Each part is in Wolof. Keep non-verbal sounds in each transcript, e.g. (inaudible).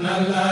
na la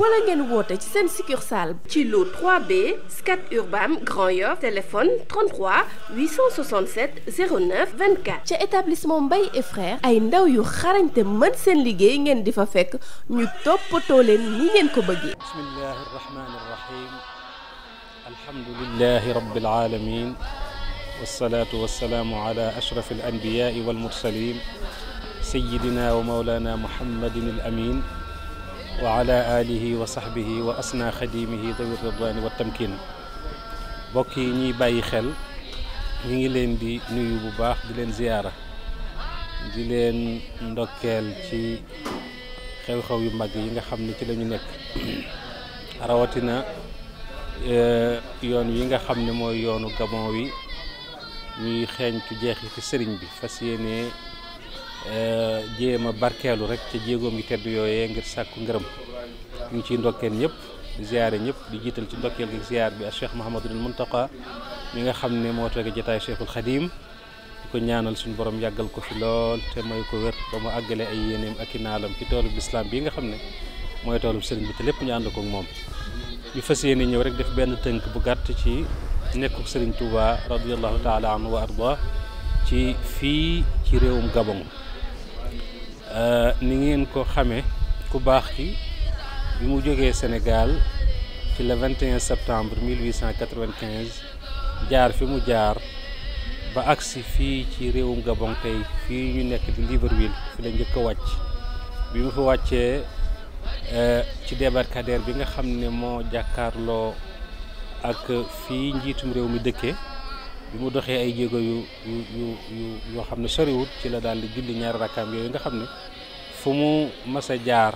wala ngeen woote ci seen succursale ci lu 3B Scat Urbam Grand Yoff téléphone ca établissement Mbaye et ay ndaw yu xarañte mën seen liggéey ngeen di fa fekk ñu toppatoo leen ni ngeen ko bëggee bismillahi rahmani rahim alhamdulillahi rabbil alamin wa ala alihi wa sahbihi wa asna xadimihi dawi ridwani wa tamkin mbokk yi ñuy bàyyi xel ñu ngi leen di nuyu bu baax di leen ziyaara di leen ndokkeel ci xew-xew yu mag yi nga xam ne ci la nekk (clears throat) rawatina eh, yoon yi nga xam ni mooy yoonu Gabon wi ñuy xeeñtu jeexi ci sëriñ bi fas yéene jéem a barkeelu rek ca jéegoom yi tedd yooyee ngir sàkku ngërëm ñu ciy ndokkeel ñëpp di ziare ñëpp di jiital ci ndokkeel gi ziar bi ak Cheikh Mouhamadul Mountakha mi nga xam ne moo toogee jotaay Cheikhul Khadim di ko ñaanal suñu borom yàggal ko fi lool te mooy ko wér ba mu àggalee ay yéeneem ak i naalam ci toolu lislaam bii nga xam ne mooy toolu sëriñ bi te lépp ñu ànd ko moom. ñu fas yéene ñëw rek def benn tënk bu gàtt ci nekku sëriñ Touba radiyallahu taala anhu wa arda ci fii ci réewum Gabon. Euh, ni ngeen ko xamee ku baax ki bi mu jógee senegal ci le 21 septembre 1895 jaar fi mu jaar ba agsi fii ci réewum Gabon tey fii ñu nekk di Libreville fi la njëkk a wàcc bi mu fi wàccee euh, ci débarcadère bi nga xam ne moo jàkkaarloo ak fii njiitum réew mi dëkkee bi mu doxee ay jéego yu yu yu yoo xam ne soriwut ci la daal di julli ñaari rakkaam yooyu nga xam ne fu mu mas jaar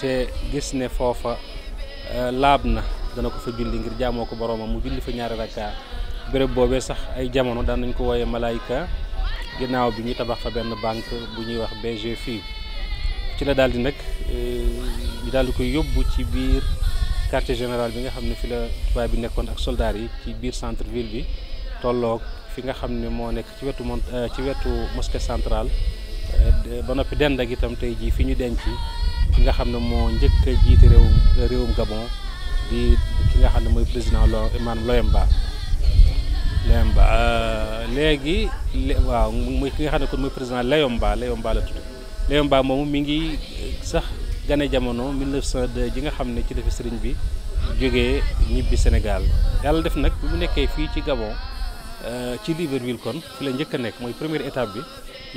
te gis ne foofa euh, laab na dana ko fa julli ngir jaamoo ko boroomam mu julli fa ñaari rakkaa bërëb boobee sax ay jamono daan nañ ko wooye malayka ginnaaw bi ñu tabax fa benn banque bu ñuy wax BG fii ci la daal di nag euh, ñu daal koy yóbbu ci biir quartier général bi nga xam ne fi la tubaab bi nekkoon ak soldaar yi ci biir centre ville bi tolloog fi nga xam ne moo nekk ci wetu mont euh, ci wetu mosquée centrale euh, ba noppi dend ak itam tey jii fi ñu denc ki nga xam ne moo njëkk jiit jiite réewum réewum Gabon di ki nga xam ne mooy président lo maanaam Loemba Loemba euh, léegi waaw muy ki nga xam ne kon mooy président Loemba Loemba la tudd Loemba moomu mi ngi sax gane jamono 1902 ji nga xam ne ci la fi sëriñ bi jógee ñibbi Sénégal yàlla def nag bi mu nekkee fii ci Gabon Euh, ci Libreville kon fi la njëkk a nekk mooy première étape bi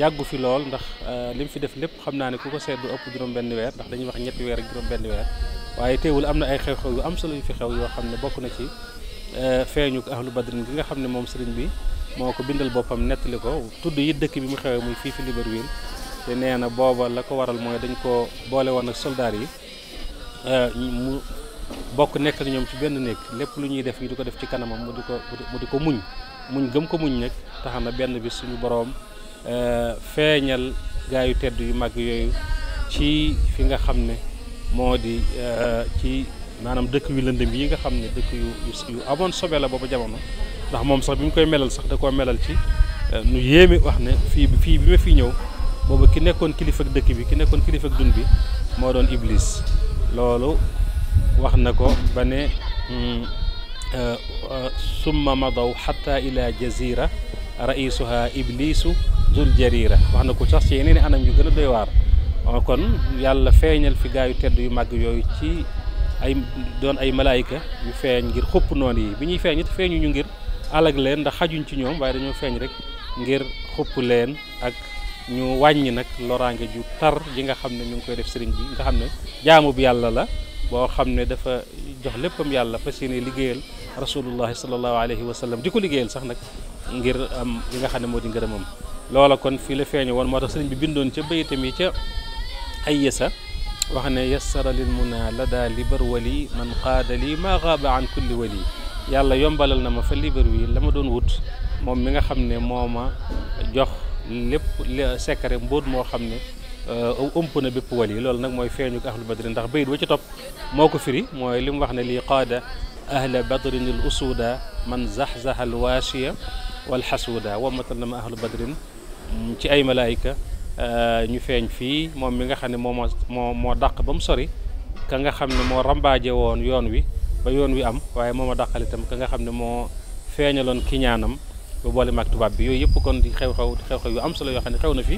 yàggu fi lool ndax euh, li mu fi def lépp xam naa ne ku ko sedd du ëpp juróom-benn weer ndax dañuy wax ñetti weer ak juróom-benn weer waaye teewul am na ay xew-xew yu am solo yu fi xew yoo xam ne bokk na ci euh, feeñu ahlu badrin gi nga xam ne moom sëriñ bi moo ko bindal boppam nettali ko tudd yi dëkk bi mu xewee muy fii fi Libreville te nee na booba la ko waral mooy dañu ko boole woon ak soldaar yi mu bokk nekk ak ñoom ci benn néeg lépp lu ñuy def ñu di ko def ci kanamam di ko di ko muñ muñ gëm ko muñ nag tax na benn bis suñu boroom eh, feeñal gaayu tedd yu mag yooyu ci fi nga xam ne moo di eh, ci maanaam dëkk yu lëndëm yi nga xam ne dëkk yu yu amoon sobe la boobu jamono ndax moom sax bi mu koy melal sax da koo melal ci eh, nu yéeme wax ne fii fii bi ma fi ñëw booba ki nekkoon kilifa dëkk bi ki nekkoon kilifa ak dund bi moo doon Iblis loolu wax na ko ba ne hmm, summa madaw xata ila jazira raisuha iblisu dul jarira wax na ko sax yeneen yeneen anam yu gën a doy waar kon yàlla feeñal fi gaa yu tedd yu màgg yooyu ci ay doon ay malaayika yu feeñ ngir xupp noonu yi bi ñuy feeñ it feeñu ñu ngir alag leen ndax xajuñ ci ñoom waaye dañoo feeñ rek ngir xupp leen ak ñu wàññi nag loraange ju tar yi nga xam ne ñu ngi koy def sëriñ bi nga xam ne jaamu bi yàlla la boo xam ne dafa jox léppam yàlla fas yéene liggéeyal rasulullahi sallallahu alayhi wa sallam di ko liggéeyal sax nag ngir am li nga xam ne moo di ngërëmam loola kon fii la feeñu woon moo tax sëriñ bi bindoon ca bayitam yi ca ay yesa wax ne yassara lil muna la daa libar wali man qaada li maa xaaba an wali yàlla yombalal na ma fa libar wi la ma doon wut moom mi nga xam ne moo ma jox lépp secret mbóot moo xam ne aw euh, ëmp um, na bépp wal yi loolu nag mooy feeñu ahlu badrin ndax bayit wa ci topp moo ko firi mooy li mu wax ne lii qaada ahla badrin al usuuda man zaxzaha al waasiya wal xasuuda wammatal na ma ahlu badrin mm, ci ay malaayika euh, ñu feeñ fii moom mi nga xam ne moo moo moo ba mu sori ka nga xam ne moo rambaaje woon yoon wi ba yoon wi am waaye moo ma dàqal itam ka nga xam ne moo feeñaloon ki ñaanam ba boole maag tubaab bi yooyu yëpp kon di xew-xew xew yu am solo yoo xam ne xew na fi